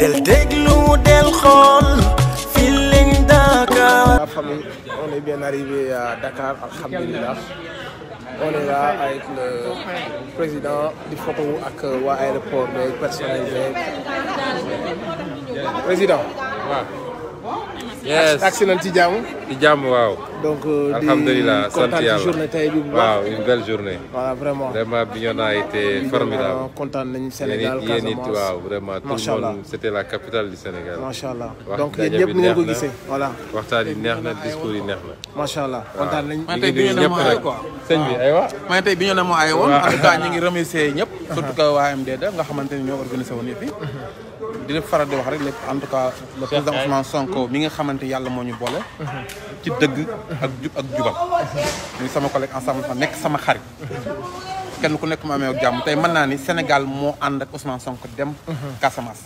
del déglu del xool Feeling Dakar. la famille on est bien arrivé à Dakar alhamdulilah on est là avec le président di photo ak waa aéroport beeg personnel beeg président waaw. yes agsi nañ ci jàmm. ci jàmm waaw. donc euh, alhamdulilah sant yàlla tey bi bu baax waaw une belle journée. voilà vraiment vraiment Bignona a été kontaan nañu Sénégal Casamance yéen it waaw vraiment le monde la capital du Sénégal. macha allah donc yéen ñëpp ni ngeen ko gisee voilà. waxtaan yi neex na discours yi neex na. macha allah kontaan nañu. ñu ngi nuyu ñëpp nag sëñ bi aywa. man tey Bignona moo ay woon en tout cas ñu ngi remercier ñëpp. surtout que waa MDD nga xamante ni ñoo organisé woon di la faral di wax rek en tout cas le président Ousmane mm-hmm. mi nga xamante yàlla moo ñu boole. Mm-hmm. ci dëgg ak jub ak jubal. Mm-hmm. muy sama collègue ensemble fa nekk sama xarit. kenn ku nekk mu amee jàmm tey mën naa ni Sénégal moo ànd ak Ousmane Sonko dem. Casamance.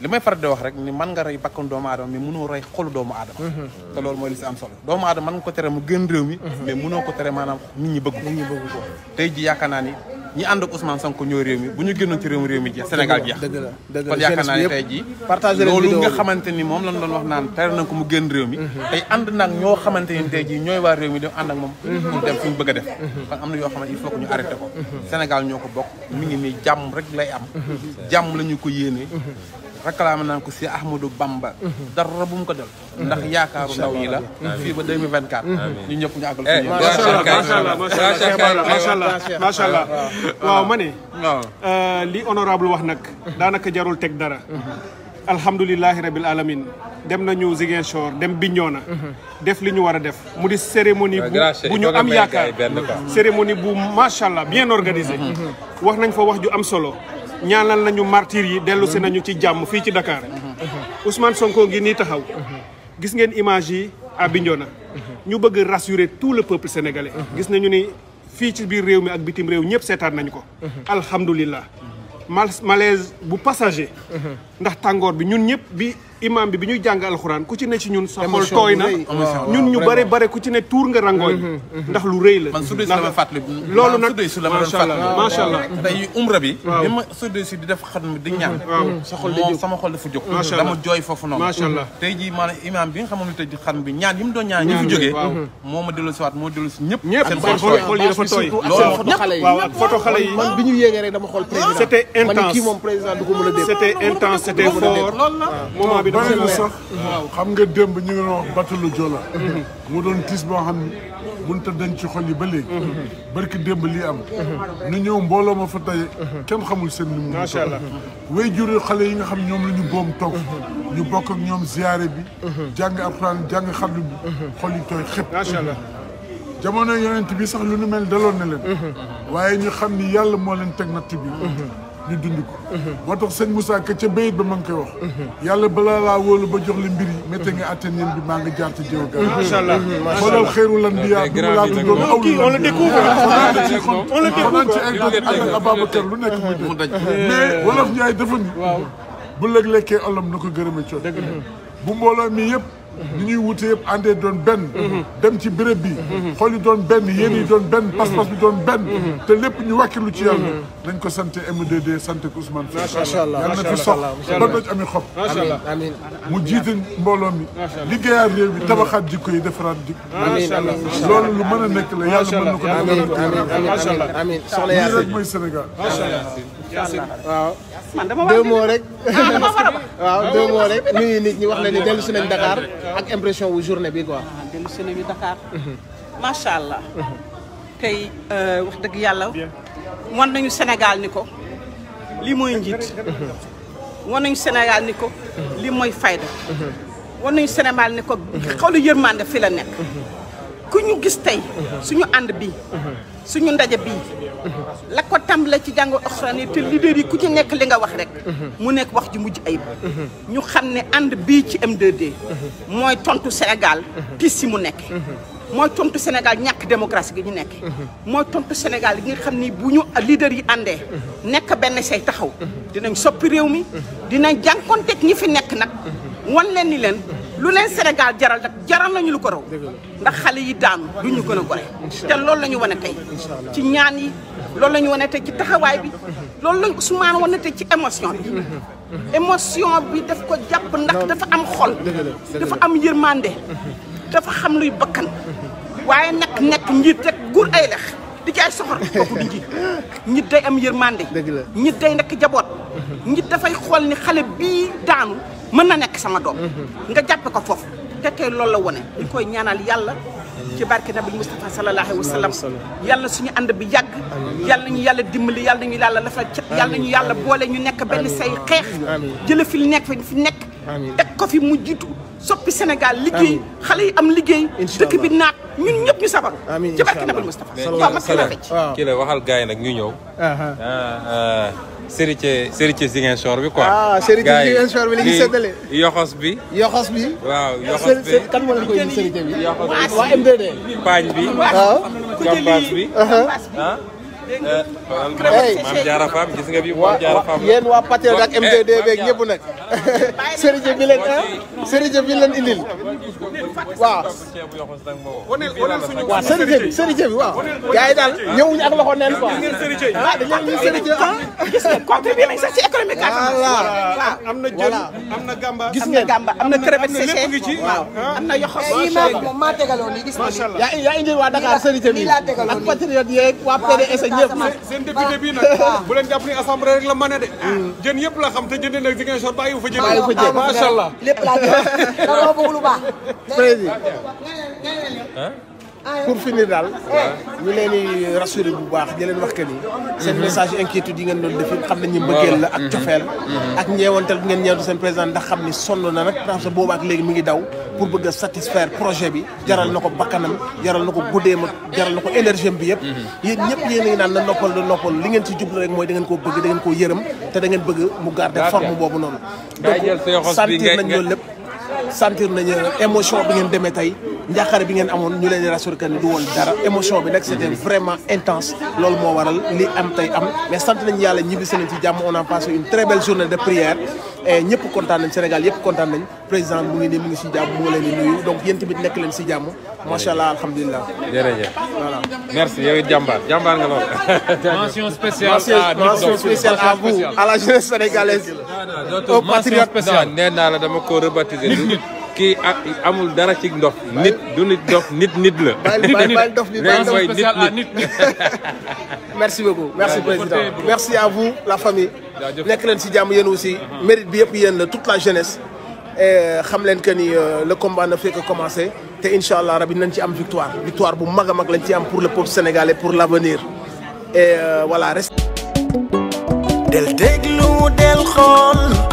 li may faral di wax rek ni man nga rey bakkan doomu aadama mais mënoo rey xolu doomu aadama te loolu mooy li si am solo doomu aadama mën nga ko tere mu gën réew mi mais mënoo ko tere maanaam nit ñi bëgg ko nit ñi bëgg tey ji ni ñi ànd ak Ousmane Sonko ñoo réew mi bu ñu génnoon ci réew mi réew mi jeex Sénégal jeex dëgg la dëgg la kon yaakaar naa loolu nga xamante ni moom lañ doon wax naan tere na ko mu génn réew mi mhm. tey ànd nag ñoo xamante ni tey jii ñooy waa réew mi dem ànd ak moom pour mhm. dem fi ñu bëgg a def mhm. kon am na yoo xamante il faut que ñu arrêté ko Sénégal ñoo ko bokk mi ngi nii jàmm rek lay am jàmm la ñu ko yéenee réclamé naa ko si Ahmadou Bamba. Mhm. dara bu ko dal. ndax yaakaaru ndaw yi la. Mhm. fii ba 2024. Mhm. ñu ñëpp ñu àggal allah waaw ma euh, li honorable wax nag. daanaka jarul teg dara. alhamdulilahi rabil alamin dem nañu Ziguinchor dem Bignona def li ñu war a def mu di cérémonie bu ñu am yaakaar cérémonie bu macha allah bien organisé wax nañ fa wax ju am solo ñaanal nañu martyr yi dellu si nañu ci jàmm fii ci Dakar Ousmane Sonko ngi ni taxaw gis ngeen image yi à na ñu bëgg rassurer tout le peuple sénégalais gis nañu ni fii ci biir réew mi ak bitim réew ñëpp seetaan nañu ko alhamdulillah malaise bu passager ndax tàngoor bi ñun ñëpp bi imam bi bi ñuy jàng alxuraan ku ci ne ci ñun sa xol tooy na ñun ñu bare bare ku ci ne tuur nga rangooñ mm-hmm, mm-hmm. ndax lu rëy la man su dee si la ma fàttali loolu bi bi ma si mm. sa xol moom sama xol dafa foofu noonu macha allah tey jii maanaam imam bi nga xamoon ne tey bi ñaan yi mu doon ñaan ñi fi jógee moo ma dellu waat moo dellu si ñëpp seen tooy waaw ak bi dafa leer sax xam nga démb ñu ngi wax batalu Joola mhm. mu doon tiis boo xam ne mënut a denc ci xol yi ba léegi mhm. barki démb li am nu mhm. ñëw mbooloo ma fa tey kenn xamul seen li mu macha allah way xale yi nga xam ñoom la ñu boom toog ñu bokk ñoom ziyaare bi jàng alxuraan jàng xablu bi xol yi tooy xëpp macha allah jamono yonent bi sax lu nu mel daloon na leen waaye ñu xam ni yàlla moo leen teg natt bi ñu dund ko. moo tax sëñ Moussa Ka ca ba ma ngi koy wax. yàlla balaa laa wóolu ba jox li mbir yi. métti nga atténué bi maa ngi jaar ci jéego gàllankoor. macha allah macha allah xoolal xeeru lan bi yaa bi mu laa tuddoon aw la. on le lu nekk muy dégg. mais ni. bu lekkee olom na ko gërëma coot. bu mbooloo mi yëpp. ni ñuy wute yëpp àndee doon benn dem ci béréb bi xool yi doon benn yéen yi doon benn pas-pas bi doon benn te lépp ñu wàkkilu ci yàlla nañ ko sant M2D sant ko Ousmane Sonko yàlla na fi sox mu jiite mbooloo mi liggéeyaat réew bi tabaxaat jikko yi defaraat jikko loolu lu mën a nekk la yàlla mën na ko def amiin soxla yaa rek mooy Sénégal ah, waaw deux mots rek waaw deux mots rek nuyu nit ñi wax na ni dellu si ak impression wu journée bi quoi. ah dellu si nañu Dakar. Mhm. macha mhm. euh, wax dëgg yàlla wan nañu Sénégal ni ko lii mooy mhm. njiit. wan nañu Sénégal ni ko. lii mooy fayda. wan nañu Sénégal ni ko. xawlu yërmande fi la nekk. ku ñu gis tey. suñu ànd bii. suñu ndaje bii. la ko tam la ci jàng alxuraan yi te leader yi ku ci nekk li nga wax rek mu nekk wax ji mujj ayib ñu xam ne ànd bii ci m mooy tontu senegal tiis si mu nekk mooy tontu Sénégal ñàkk démocratie gi ñu nekk mooy tontu Sénégal gi nga xam ni bu ñu leader yi àndee nekk benn say taxaw dinañ soppi réew mi dinañ jànkonteeg ñi fi nekk nag wan leen ni leen lu leen Sénégal jaral nag jaral nañu lu ko raw ndax xale yi daanu du ñu gën a gore te loolu la ñu wane tey ci ñaan yi loolu la ñu wane tey ci taxawaay bi loolu lañ Ousmane wane tey ci émotion bi émotion bi daf ko jàpp ndax dafa am xol dafa am yërmande dafa xam luy bakkan waaye nag nekk njiit rek gur ay lex di ci ay soxor kooku di njiit nit day am yërmande nit day nekk jaboot nit dafay xool ni xale bi daanu mën na nekk sama doom mhm. nga jàppe ko foofu tekkee loolu la wone ñu koy ñaanal yàlla ci barke nabi Mustafa sallallahu alayhi wa sallam yàlla suñu ànd bi yàgg yàlla ñu yàlla dimbali yàlla ñu yàlla dafa cet yàlla ñu yàlla boole ñu nekk benn say xeex jële fi nekk fi nekk teg ko fi mu jiitu soppi Sénégal liggéey xale yi am liggéey dëkk bi naat ñun ñëpp ñu sabaru ci barke nabi Mustafa waaw ma kii la waxal gars yi nag ñu ñëw Serigne Serigne Ziguinchor bi ko ah Serigne Ziguinchor bi la ñuy séddale. yoxos bi. yoxos bi. waaw a ah, bi kan moo leen koy indi Serigne bi. yoxos bi waa MDD. bi. waaw ah. bi. Uh-huh. Ah. maam Diarra Fam gis nga bi maam Diarra Fam yéen waa Patel ak MDD beeg ñëpp nag sëriñ bi leen sëriñ bi leen indil waaw waaw sëriñ bi sëriñ bi waaw gars yi daal ñëwuñu ak loxo neen quoi ah dañu ñëw sëriñ bi ah gis nga compte bi problème yi Casamance. am na jën am na gamba. gis ngeen gamba am na crevette séchée waaw ah. am na yoxo. macha allah moom maa tegaloon nii gis ngeen. yaa yaa indi waa Dakar sérité bi ak patriote yeeg waa PDS ñëpp. seen député bii nag bu leen jàpp ni assemblée rek la mën a de. Ah. jën yëpp la xam te jëndee nag Ziguinchor bàyyi wu fa jën. bàyyi wu fa jën macha allah lépp laa jënd. président. pour finir daal ñu leen di rassurer bu baax di leen wax que ni seen message inquiétude yi ngeen doon def xam nañu mbëggeel la ak cofeel ak ñeewantal bi ngeen ñeewantu seen président ndax xam ni sonn na nag tax sa boobu ak mi ngi daw pour bëgg a satisfaire projet bi jaral na ko bakkanam jaral na ko guddeem ak jaral na ko énergie bi yëpp yéen ñëpp yéen a ngi naan na noppal da noppal li ngeen ci jublu rek mooy da ngeen koo bëgg da ngeen koo yërëm te da ngeen bëgg mu garder forme boobu noonu donc sentir nañ lépp sentir nañ émotion bi ngeen demee tey njàqare bi ngeen amoon ñu leen di rassuré que ni du woon dara émotion bi nag c'était vraiment intense loolu moo waral li am tey am mais sant nañu yàlla ñibbisi nañ ci jàmm on a passé une très belle journée de prière et kontaan nañ yëpp kontaan nañ président mu ngi nii mu ngi si jàmm mu ngi leen di nuyu donc yéen tamit nekk leen si jàmm macha allah alhamdulilah. jërëjëf voilà. merci yow it jàmbaar jàmbaar nga lool. mention spéciale à mention à la jeunesse sénégalaise. au patriote spéciale nee naa kii amul dara ci ndof nit du nit dof nit nit la. bàyyi dof nit nit merci beaucoup merci président merci à vous la famille. nekk leen si jàmm yéen aussi. Uh-huh. mérite bi yëpp yéen la toute la jeunesse. Euh, xam leen que ni euh, le combat na fekk commencé. te incha allah rabi nañ ci am victoire victoire bu mag a mag ci am pour le peuple sénégalais pour l' avenir. et euh, voilà. del déglu del xool.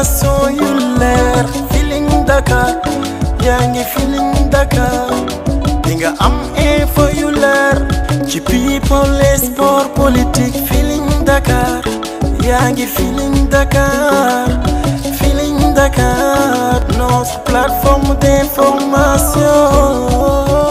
information yu leer Dakar yaa ngi Feeling Dakar di nga am info yu leer ci people et Dakar yaa ngi Feeling Dakar Feeling Dakar notre plateforme d'information